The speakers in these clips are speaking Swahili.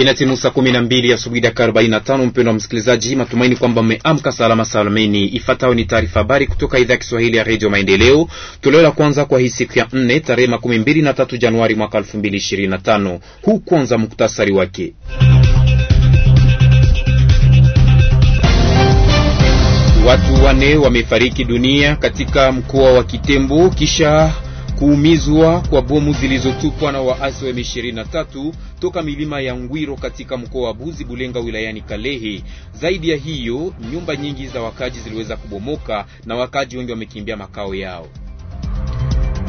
Inatimu saa kumi na mbili asubuhi dakika arobaini na tano. Mpendo wa msikilizaji, matumaini kwamba mmeamka salama salameni. Ifuatayo ni taarifa habari kutoka idhaa ya Kiswahili ya redio Maendeleo, toleo la kwanza kwa hii siku ya nne tarehe makumi mbili na tatu Januari mwaka elfu mbili ishirini na tano. Huu kwanza muktasari wake. Watu wane wamefariki dunia katika mkoa wa Kitembo kisha kuumizwa kwa bomu zilizotupwa na waasi wa M23 toka milima ya Ngwiro katika mkoa wa Buzi Bulenga wilayani Kalehe. Zaidi ya hiyo, nyumba nyingi za wakaji ziliweza kubomoka na wakaji wengi wamekimbia makao yao.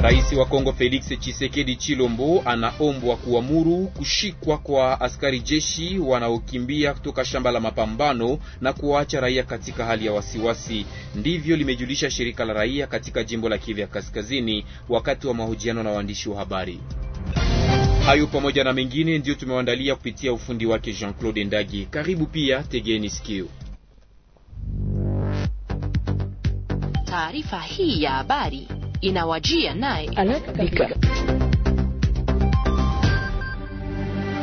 Rais wa Kongo Felix Chisekedi Chilombo anaombwa kuamuru kushikwa kwa askari jeshi wanaokimbia kutoka shamba la mapambano na kuwaacha raia katika hali ya wasiwasi. Ndivyo limejulisha shirika la raia katika jimbo la Kivu ya Kaskazini wakati wa mahojiano na waandishi wa habari. Hayo pamoja na mengine ndiyo tumewaandalia kupitia ufundi wake Jean-Claude Ndagi. Karibu pia, tegeni sikio. Taarifa hii ya habari inawajia naye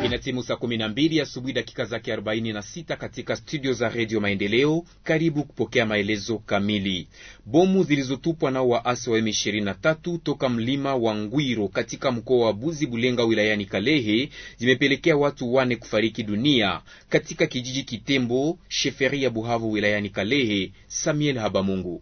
ina timu saa 12 asubuhi dakika zake 46 katika studio za redio Maendeleo. Karibu kupokea maelezo kamili. Bomu zilizotupwa nao waasi wa M23 toka mlima wa Ngwiro katika mkoa wa Buzi Bulenga wilayani Kalehe zimepelekea watu wane kufariki dunia katika kijiji Kitembo, sheferi ya Buhavu wilayani Kalehe. Samuel Habamungu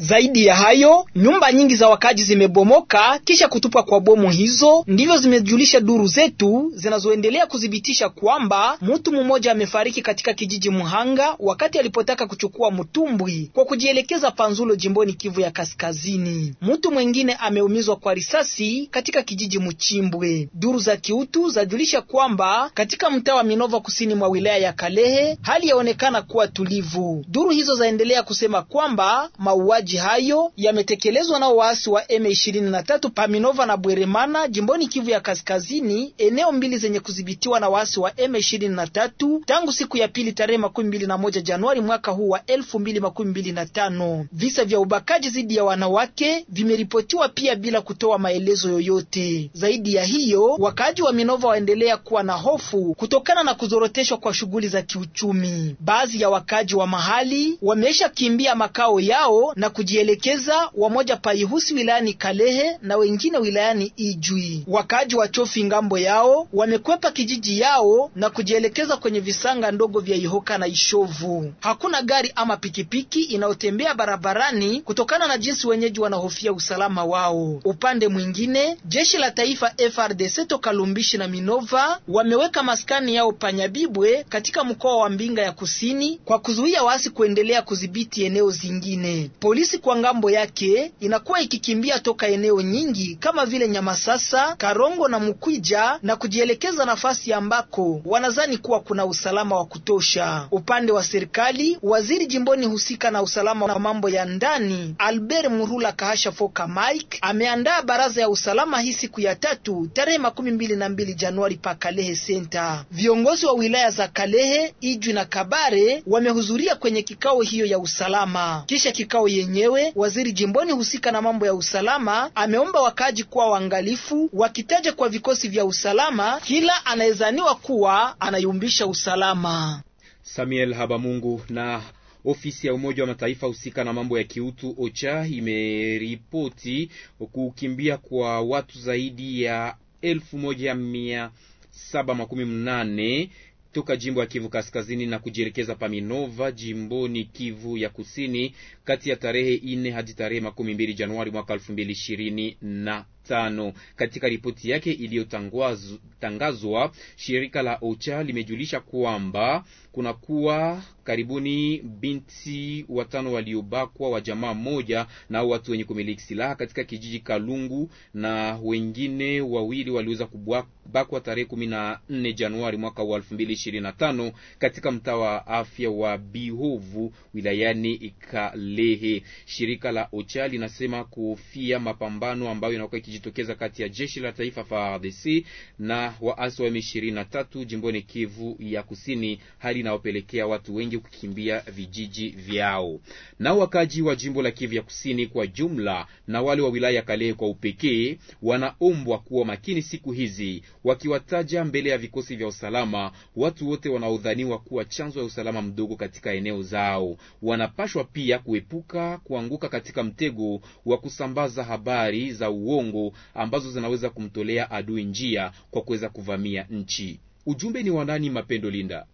zaidi ya hayo, nyumba nyingi za wakaji zimebomoka kisha kutupwa kwa bomu hizo, ndivyo zimejulisha duru zetu zinazoendelea kuthibitisha kwamba mtu mmoja amefariki katika kijiji Muhanga wakati alipotaka kuchukua mtumbwi kwa kujielekeza Panzulo jimboni Kivu ya Kaskazini. Mtu mwingine ameumizwa kwa risasi katika kijiji Mchimbwe. Duru za kiutu zajulisha kwamba katika mtaa wa Minova kusini mwa wilaya ya Kalehe hali yaonekana kuwa tulivu. Duru hizo zaendelea kusema kwamba mauaji mauaji hayo yametekelezwa na waasi wa M23 Paminova na Bweremana jimboni Kivu ya Kaskazini, eneo mbili zenye kudhibitiwa na waasi wa M23 tangu siku ya pili tarehe 21 Januari mwaka huu wa 2025. Visa vya ubakaji dhidi ya wanawake vimeripotiwa pia bila kutoa maelezo yoyote. Zaidi ya hiyo, wakaaji wa Minova waendelea kuwa na hofu kutokana na kuzoroteshwa kwa shughuli za kiuchumi. Baadhi ya wakaaji wa mahali wameisha kimbia makao yao na kujielekeza wamoja Paihusi wilayani Kalehe na wengine wilayani Ijwi. Wakaaji wa Chofi ngambo yao wamekwepa kijiji yao na kujielekeza kwenye visanga ndogo vya Ihoka na Ishovu. Hakuna gari ama pikipiki inayotembea barabarani kutokana na jinsi wenyeji wanahofia usalama wao. Upande mwingine, jeshi la taifa FRDC toka Lumbishi na Minova wameweka maskani yao Panyabibwe katika mkoa wa Mbinga ya Kusini kwa kuzuia waasi kuendelea kudhibiti eneo zingine. Polisi polisi kwa ngambo yake inakuwa ikikimbia toka eneo nyingi kama vile Nyamasasa, Karongo na Mukwija na kujielekeza nafasi ambako wanazani kuwa kuna usalama wa kutosha. Upande wa serikali, waziri jimboni husika na usalama wa mambo ya ndani Albert Murula Kahasha Foka Mike ameandaa baraza ya usalama hii siku ya tatu tarehe makumi mbili na mbili Januari pa Kalehe Center. Viongozi wa wilaya za Kalehe, Ijwi na Kabare wamehudhuria kwenye kikao hiyo ya usalama kisha kikao yenye mwenyewe, waziri jimboni husika na mambo ya usalama ameomba wakaaji kuwa waangalifu, wakitaja kwa vikosi vya usalama kila anayezaniwa kuwa anayumbisha usalama. Samuel Habamungu na Ofisi ya Umoja wa Mataifa husika na mambo ya kiutu OCHA imeripoti kukimbia kwa watu zaidi ya elfu moja mia saba makumi mnane toka jimbo ya Kivu Kaskazini na kujielekeza Paminova jimboni Kivu ya Kusini kati ya tarehe ine hadi tarehe makumi mbili Januari mwaka elfu mbili ishirini na tano. Katika ripoti yake iliyotangazwa, shirika la OCHA limejulisha kwamba kunakuwa karibuni binti watano waliobakwa wa jamaa moja na watu wenye kumiliki silaha katika kijiji Kalungu na wengine wawili waliweza kubakwa tarehe kumi na nne Januari mwaka wa elfu mbili ishirini na tano katika mtaa wa afya wa Bihovu wilayani Ikalehe. Shirika la OCHA linasema kuhofia mapambano ambayo inakuwa kujitokeza kati ya jeshi la taifa FARDC na waasi wa M23 jimboni Kivu ya Kusini, hali inayopelekea watu wengi kukimbia vijiji vyao. Na wakaji wa jimbo la Kivu ya Kusini kwa jumla na wale wa wilaya ya Kalehe kwa upekee wanaombwa kuwa makini siku hizi, wakiwataja mbele ya vikosi vya usalama watu wote wanaodhaniwa kuwa chanzo ya usalama mdogo katika eneo zao. Wanapashwa pia kuepuka kuanguka katika mtego wa kusambaza habari za uongo ambazo zinaweza kumtolea adui njia kwa kuweza kuvamia nchi. Ujumbe ni wa nani, Mapendo Linda?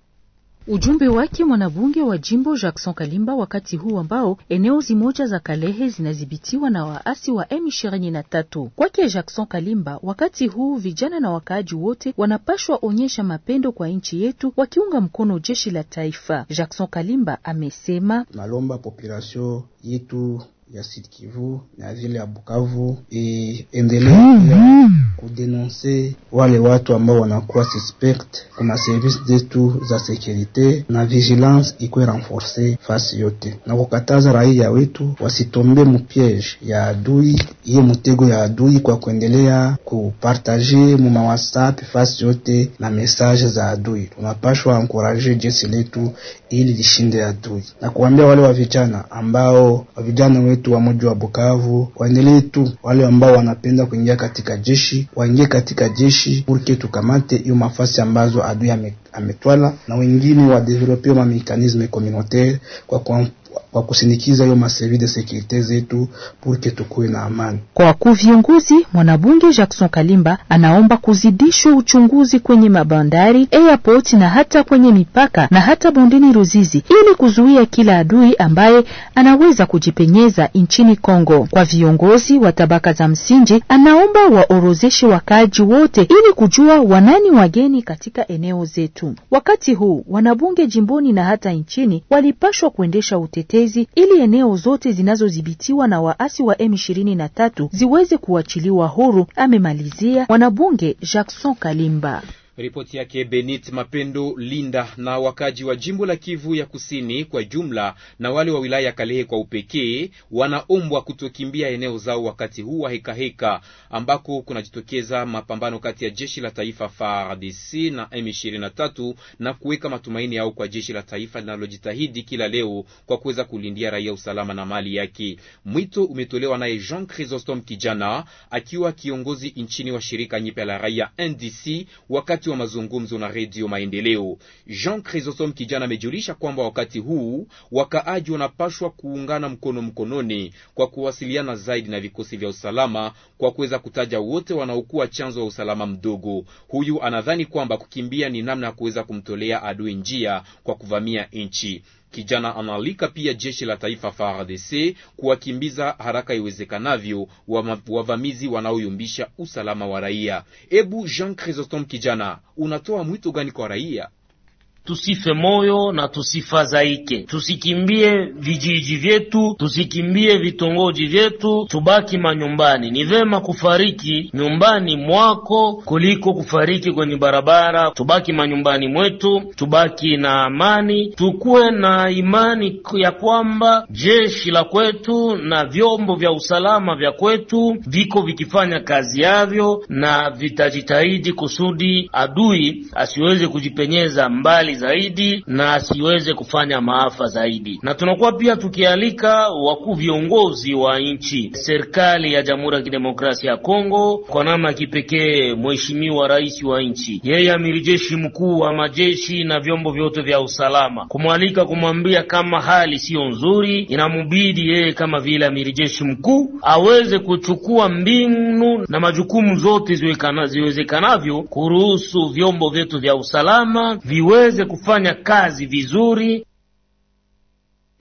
Ujumbe wake mwanabunge wa jimbo Jackson Kalimba wakati huu ambao eneo zimoja za Kalehe zinadhibitiwa na waasi wa M23. Kwake Jackson Kalimba, wakati huu vijana na wakaaji wote wanapashwa onyesha mapendo kwa nchi yetu, wakiunga mkono jeshi la taifa. Jackson Kalimba amesema, nalomba population yetu ya Sud Kivu na vile ya Bukavu iendelee e, kudenonse wale watu ambao wanakuwa suspect. Kuna service zetu za sekurite na vigilance ikuwe renforce fasi yote, na kukataza raia wetu wasitombe mupiege ya adui, iye mtego ya adui, kwa kuendelea kupartage mu mawasap fasi yote na message za adui. Tunapashwa ankuraje jeshi letu ili lishinde adui na kuambia wale wa vijana ambao vijana wetu wetu wa mji wa Bukavu, waendelee tu. Wale ambao wanapenda kuingia katika jeshi waingie katika jeshi, purke tukamate hiyo mafasi ambazo adui ametwala, na wengine wadevelope ma mekanisme communautaire kwa kwa kwa kusinikiza hiyo maservi de sekurite zetu purke tukuwe na amani. Kwa wakuu viongozi, mwanabunge Jackson Kalimba anaomba kuzidishwa uchunguzi kwenye mabandari airport, na hata kwenye mipaka na hata bondeni Ruzizi, ili kuzuia kila adui ambaye anaweza kujipenyeza nchini Kongo. Kwa viongozi wa tabaka za msingi, anaomba waorozeshe wakaaji wote ili kujua wanani wageni katika eneo zetu. Wakati huu wanabunge jimboni na hata nchini walipashwa kuendesha utetezi upelelezi ili eneo zote zinazodhibitiwa na waasi wa M23 ziweze kuachiliwa huru, amemalizia mwanabunge Jackson Kalimba. Ripoti yake Benit Mapendo Linda. Na wakaji wa jimbo la Kivu ya Kusini kwa jumla na wale wa wilaya ya Kalehe kwa upekee wanaombwa kutokimbia eneo zao wakati huu wa hekaheka ambako kunajitokeza mapambano kati ya jeshi la taifa FARDC na M23 na kuweka matumaini yao kwa jeshi la taifa linalojitahidi kila leo kwa kuweza kulindia raia usalama na mali yake. Mwito umetolewa naye Jean Chrysostome Kijana akiwa kiongozi nchini wa shirika nyipya la raia NDC wakati wakati wa mazungumzo na Redio Maendeleo, Jean Chrysosome Kijana amejulisha kwamba wakati huu wakaaji wanapashwa kuungana mkono mkononi kwa kuwasiliana zaidi na vikosi vya usalama kwa kuweza kutaja wote wanaokuwa chanzo wa usalama mdogo. Huyu anadhani kwamba kukimbia ni namna ya kuweza kumtolea adui njia kwa kuvamia nchi. Kijana analika pia jeshi la taifa FARDC kuwakimbiza haraka iwezekanavyo wavamizi wanaoyumbisha usalama wa raia. Ebu Jean Chrysostome, kijana, unatoa mwito gani kwa raia? tusife moyo na tusifadhaike, tusikimbie vijiji vyetu, tusikimbie vitongoji vyetu, tubaki manyumbani. Ni vema kufariki nyumbani mwako kuliko kufariki kwenye barabara. Tubaki manyumbani mwetu, tubaki na amani, tukuwe na imani ya kwamba jeshi la kwetu na vyombo vya usalama vya kwetu viko vikifanya kazi yavyo na vitajitahidi kusudi adui asiweze kujipenyeza mbali zaidi na asiweze kufanya maafa zaidi. Na tunakuwa pia tukialika wakuu viongozi wa nchi, serikali ya Jamhuri ya Kidemokrasia ya Kongo, kwa namna ya kipekee mheshimiwa rais wa nchi, yeye amiri jeshi mkuu wa majeshi na vyombo vyote vya usalama, kumwalika kumwambia, kama hali siyo nzuri, inamubidi yeye kama vile amiri jeshi mkuu aweze kuchukua mbinu na majukumu zote ziwezekanavyo kuruhusu vyombo vyetu vya usalama viweze kufanya kazi vizuri.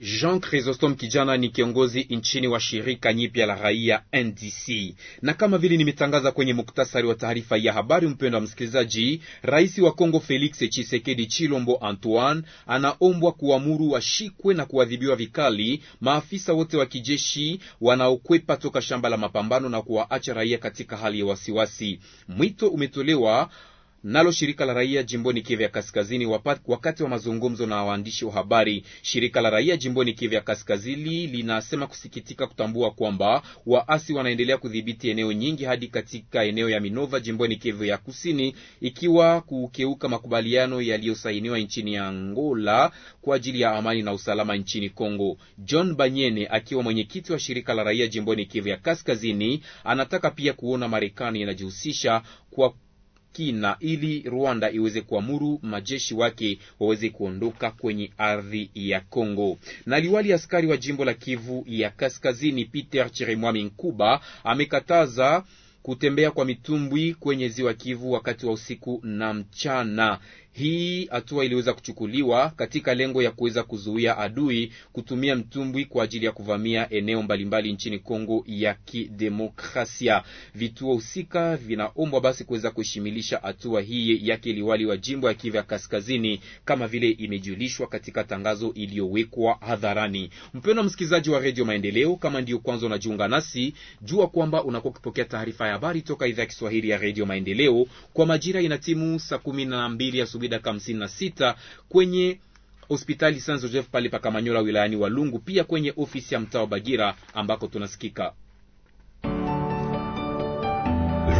Jean Chrysostom Kijana ni kiongozi nchini wa shirika nyipya la raia NDC. Na kama vile nimetangaza kwenye muktasari wa taarifa ya habari, mpendwa msikilizaji, rais wa Kongo Felix Tshisekedi Chilombo Antoine anaombwa kuamuru washikwe na kuadhibiwa vikali maafisa wote wa kijeshi wanaokwepa toka shamba la mapambano na kuwaacha raia katika hali ya wasiwasi. Mwito umetolewa Nalo shirika la raia jimboni Kivu ya Kaskazini, wakati wa mazungumzo na waandishi wa habari, shirika la raia jimboni Kivu ya Kaskazini linasema kusikitika kutambua kwamba waasi wanaendelea kudhibiti eneo nyingi hadi katika eneo ya Minova jimboni Kivu ya Kusini, ikiwa kukeuka makubaliano yaliyosainiwa nchini Angola kwa ajili ya amani na usalama nchini Kongo. John Banyene akiwa mwenyekiti wa shirika la raia jimboni Kivu ya Kaskazini anataka pia kuona Marekani inajihusisha kwa kina ili Rwanda iweze kuamuru majeshi wake waweze kuondoka kwenye ardhi ya Kongo. Na liwali askari wa jimbo la Kivu ya Kaskazini Peter cherimwami Nkuba amekataza kutembea kwa mitumbwi kwenye ziwa Kivu wakati wa usiku na mchana. Hii hatua iliweza kuchukuliwa katika lengo ya kuweza kuzuia adui kutumia mtumbwi kwa ajili ya kuvamia eneo mbalimbali nchini Kongo ya Kidemokrasia. Vituo husika vinaombwa basi kuweza kushimilisha hatua hii yake liwali wa jimbo ya Kivu ya Kaskazini, kama vile imejulishwa katika tangazo iliyowekwa hadharani. Mpendwa msikilizaji wa Redio Maendeleo, kama ndiyo kwanza unajiunga nasi, jua kwamba unakuwa ukipokea taarifa ya habari toka idhaa ya Kiswahili ya Redio Maendeleo. Kwa majira ina timu saa kumi na mbili asubuhi hivi dakika hamsini na sita kwenye hospitali San Joseph pale Pakamanyola wilayani Walungu, pia kwenye ofisi ya mtaa wa Bagira ambako tunasikika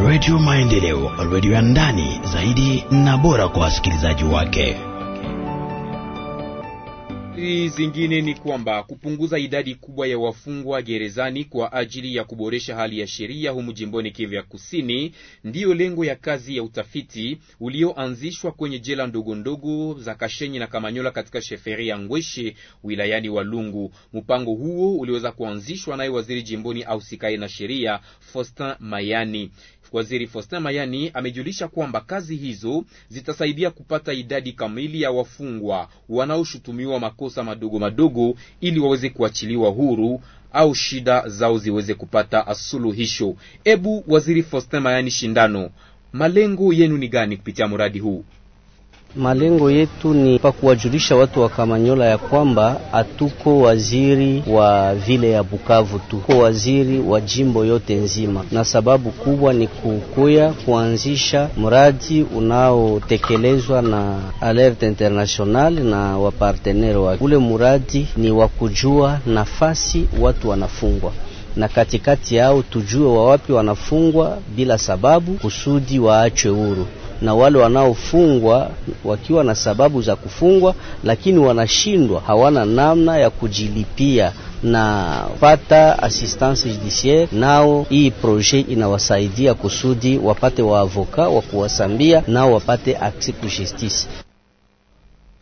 redio Maendeleo, redio ya ndani zaidi na bora kwa wasikilizaji wake zingine ni kwamba kupunguza idadi kubwa ya wafungwa gerezani kwa ajili ya kuboresha hali ya sheria humu jimboni Kivu ya Kusini ndiyo lengo ya kazi ya utafiti ulioanzishwa kwenye jela ndogo ndogo za Kashenyi na Kamanyola katika sheferi ya Ngweshe wilayani Walungu. Mpango huo uliweza kuanzishwa naye waziri jimboni sikai na sheria Faustin Mayani. Waziri Faustin Mayani amejulisha kwamba kazi hizo zitasaidia kupata idadi kamili ya wafungwa wanaoshutumiwa makosa makosa madogo madogo, ili waweze kuachiliwa huru au shida zao ziweze kupata suluhisho. Ebu Waziri Faustin Mayani Shindano, malengo yenu ni gani kupitia mradi huu? Malengo yetu ni pa kuwajulisha watu wa Kamanyola ya kwamba hatuko waziri wa vile ya Bukavu tu, tuko waziri wa jimbo yote nzima, na sababu kubwa ni kukuya kuanzisha mradi unaotekelezwa na Alerte International na wapartenere wake. Ule mradi ni wa kujua nafasi watu wanafungwa na katikati yao tujue wa wapi wanafungwa bila sababu, kusudi waachwe huru na wale wanaofungwa wakiwa na sababu za kufungwa, lakini wanashindwa, hawana namna ya kujilipia na pata assistance judiciaire, nao hii proje inawasaidia kusudi wapate waavoka wa kuwasambia, nao wapate access ku justice.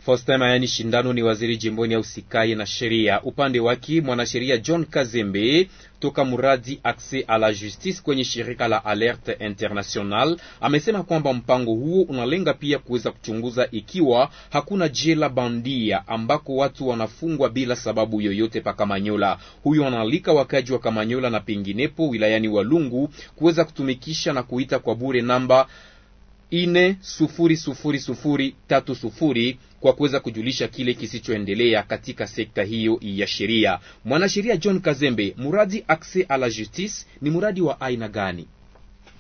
Foster Mayani Shindano ni waziri jimboni ya usikai na sheria. Upande wake mwanasheria John Kazembe toka muradi Access à la Justice kwenye shirika la Alerte International amesema kwamba mpango huo unalenga pia kuweza kuchunguza ikiwa hakuna jela bandia ambako watu wanafungwa bila sababu yoyote pa Kamanyola. Huyo anaalika wakaji wa Kamanyola na penginepo wilayani Walungu kuweza kutumikisha na kuita kwa bure namba ine sufuri sufuri sufuri tatu sufuri kwa kuweza kujulisha kile kisichoendelea katika sekta hiyo ya sheria. Mwanasheria John Kazembe, muradi access a la justice ni muradi wa aina gani?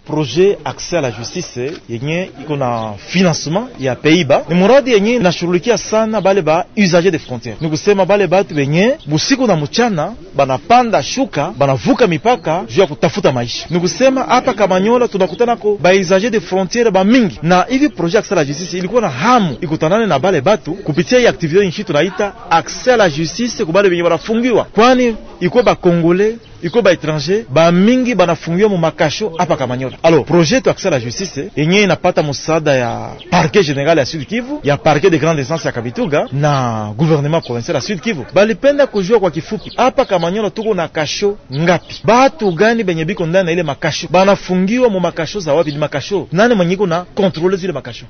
projet akse à la justice eh, yenye iko na financement ya pays-bas ni muradi yenye inashughulikia sana bale ba usager de frontiere, ni kusema bale batu benye busiku na muchana banapanda shuka banavuka mipaka juu ya kutafuta maisha. Ni kusema hapa Kamanyola tunakutanako ba usager de frontières ba mingi, na hivi projet akse ya la justice ilikuwa na hamu ikutanane na bale batu kupitia hii aktivite yenye tunaita akse à la justice kubale benye banafungiwa, kwani ikuwa bakongole iko ba étranger ba mingi banafungiwa mu makasho hapa Kamanyola. Alors projet to accès à la justice yenyewe inapata msaada ya parquet général ya Sud Kivu, ya parquet de grande instance ya Kabituga na gouvernement provincial ya Sud Kivu. Balipenda kujua kwa kifupi, hapa Kamanyola tuko na kasho ngapi? Batu gani benye biko ndani na ile makasho banafungiwa mu makasho za wapi? Ni makasho nani mwenye iko na contrôler zile makasho?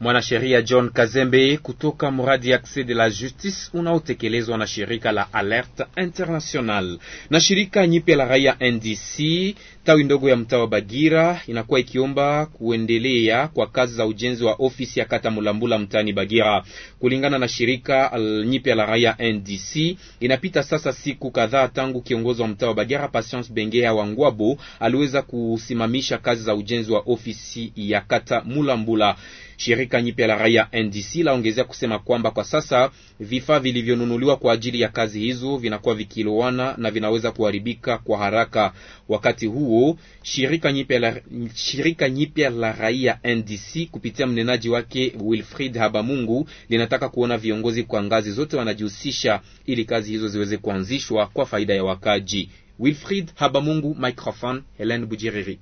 Mwanasheria John Kazembe kutoka mradi Access de la Justice unaotekelezwa na shirika la Alert International na shirika nyipya la raia NDC tawi ndogo ya mtaa wa Bagira inakuwa ikiomba kuendelea kwa kazi za ujenzi wa ofisi ya kata Mulambula mtaani Bagira. Kulingana na shirika nyipya la raia NDC, inapita sasa siku kadhaa tangu kiongozi wa mtaa wa Bagira Patience Bengea wa Ngwabo aliweza kusimamisha kazi za ujenzi wa ofisi ya kata Mulambula. Shirika nyipya la raia NDC laongezea kusema kwamba kwa sasa vifaa vilivyonunuliwa kwa ajili ya kazi hizo vinakuwa vikilowana na vinaweza kuharibika kwa haraka. Wakati huo shirika nyipya la, shirika nyipya la raia NDC kupitia mnenaji wake Wilfried Habamungu linataka kuona viongozi kwa ngazi zote wanajihusisha ili kazi hizo ziweze kuanzishwa kwa faida ya wakaji. Wilfried Habamungu, microphone Helen Bujiriri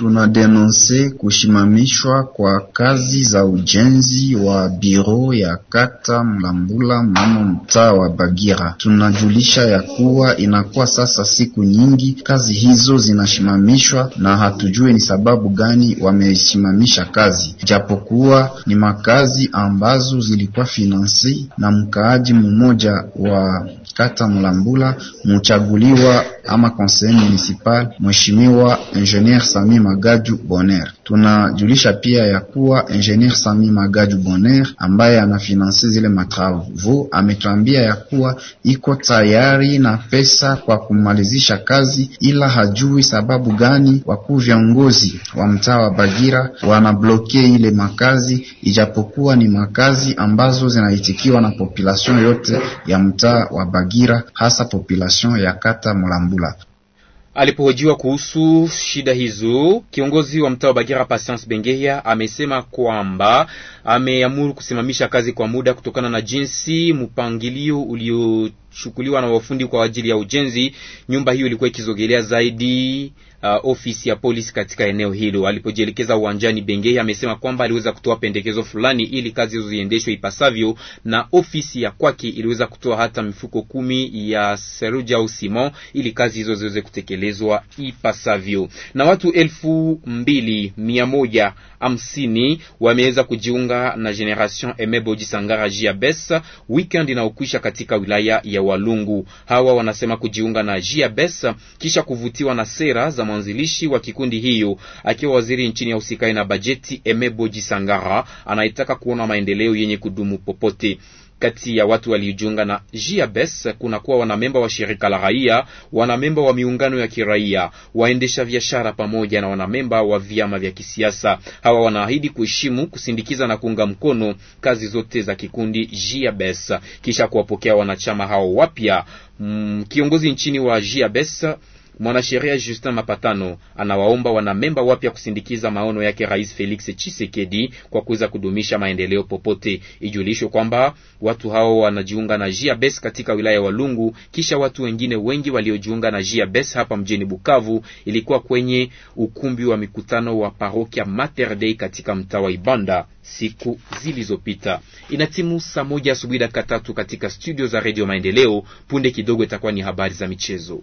tunadenonse kushimamishwa kwa kazi za ujenzi wa biro ya kata Mlambula mnamo mtaa wa Bagira. Tunajulisha ya kuwa inakuwa sasa siku nyingi kazi hizo zinashimamishwa na hatujue ni sababu gani wamesimamisha kazi, japokuwa ni makazi ambazo zilikuwa finansi na mkaaji mmoja wa kata Mlambula mchaguliwa ama conseil municipal Mheshimiwa Engineer Sami Magaju Bonner. Tunajulisha pia ya kuwa Engineer Sami Magaju Bonner ambaye anafinansi zile matravo ametuambia ya kuwa iko tayari na pesa kwa kumalizisha kazi, ila hajui sababu gani wakuu viongozi wa mtaa wa Bagira wanabloke ile makazi, ijapokuwa ni makazi ambazo zinaitikiwa na population yote ya mtaa wa Bagira, hasa population ya kata Mlambo. Mambula. Alipohojiwa kuhusu shida hizo, kiongozi wa mtaa wa Bagira Patience Bengeya amesema kwamba ameamuru kusimamisha kazi kwa muda kutokana na jinsi mpangilio uliochukuliwa na wafundi kwa ajili ya ujenzi. Nyumba hiyo ilikuwa ikizogelea zaidi uh, ofisi ya polisi katika eneo hilo. Alipojielekeza uwanjani, Bengei amesema kwamba aliweza kutoa pendekezo fulani ili kazi hizo ziendeshwe ipasavyo, na ofisi ya kwake iliweza kutoa hata mifuko kumi ya seruja au simon ili kazi hizo ziweze kutekelezwa ipasavyo. Na watu elfu mbili mia moja hamsini wameweza kujiunga na Generation Emeboji Sangara Jiabes weekend inaokwisha katika wilaya ya Walungu. Hawa wanasema kujiunga na Jiabes kisha kuvutiwa na sera za mwanzilishi wa kikundi hiyo akiwa waziri nchini ya usikai na bajeti Emebo Jisangara anayetaka kuona maendeleo yenye kudumu popote kati ya watu waliojiunga na JABES kuna kuwa wanamemba wa shirika la raia, wanamemba wa miungano ya kiraia, waendesha biashara pamoja na wanamemba wa vyama vya kisiasa. Hawa wanaahidi kuheshimu, kusindikiza na kuunga mkono kazi zote za kikundi JABES kisha kuwapokea wanachama hao wapya. Mm, kiongozi nchini wa JABES Mwanasheria Justin Mapatano anawaomba wanamemba wapya kusindikiza maono yake Rais Felix Chisekedi kwa kuweza kudumisha maendeleo popote. Ijulishwe kwamba watu hao wanajiunga na JIABES katika wilaya ya Walungu, kisha watu wengine wengi waliojiunga na JIABES hapa mjini Bukavu ilikuwa kwenye ukumbi wa mikutano wa parokia Mater Dei katika mtaa wa Ibanda siku zilizopita. Inatimu saa moja asubuhi dakika tatu katika studio za redio Maendeleo. Punde kidogo itakuwa ni habari za michezo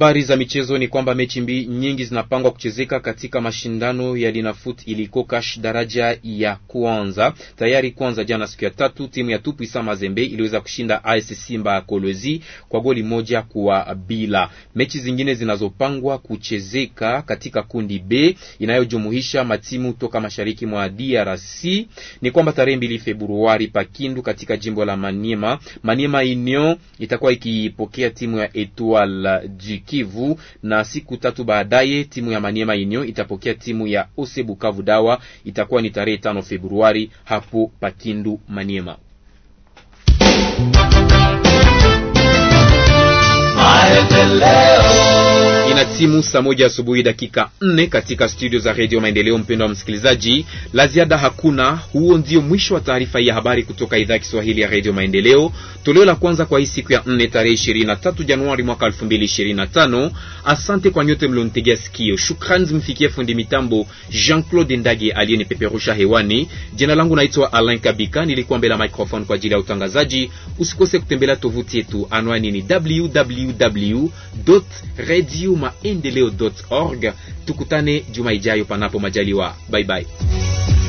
Habari za michezo ni kwamba mechi mbi nyingi zinapangwa kuchezeka katika mashindano ya Linafoot iliko kash daraja ya kwanza. Tayari kwanza jana siku ya tatu timu ya Tupi Sama iliweza kushinda AS Simba ya Kolwezi kwa goli moja kwa bila. Mechi zingine zinazopangwa kuchezeka katika kundi B inayojumuisha matimu toka mashariki mwa DRC ni kwamba tarehe mbili Februari Pakindu katika jimbo la Maniema, Maniema Union itakuwa ikipokea timu ya Etoile du Kivu, na siku tatu baadaye timu ya Maniema Union itapokea timu ya Ose Bukavu Dawa. Itakuwa ni tarehe tano Februari hapo Pakindu, Maniema na timu saa moja asubuhi dakika nne katika studio za redio Maendeleo. Mpendo wa msikilizaji, la ziada hakuna. Huo ndio mwisho wa taarifa ya habari kutoka idhaa ya Kiswahili ya redio Maendeleo, toleo la kwanza kwa hii siku ya nne tarehe 23 Januari mwaka 2025. Asante kwa nyote mlionitegea sikio. Shukrani zimfikie fundi mitambo Jean Claude Ndage aliyenipeperusha hewani. Jina langu naitwa Alain Kabika, nilikuwa mbele ya microphone kwa ajili ya utangazaji. Usikose kutembelea tovuti yetu, anwani ni www ma endeleo.org. Tukutane juma ijayo, panapo majaliwa. Bye bye.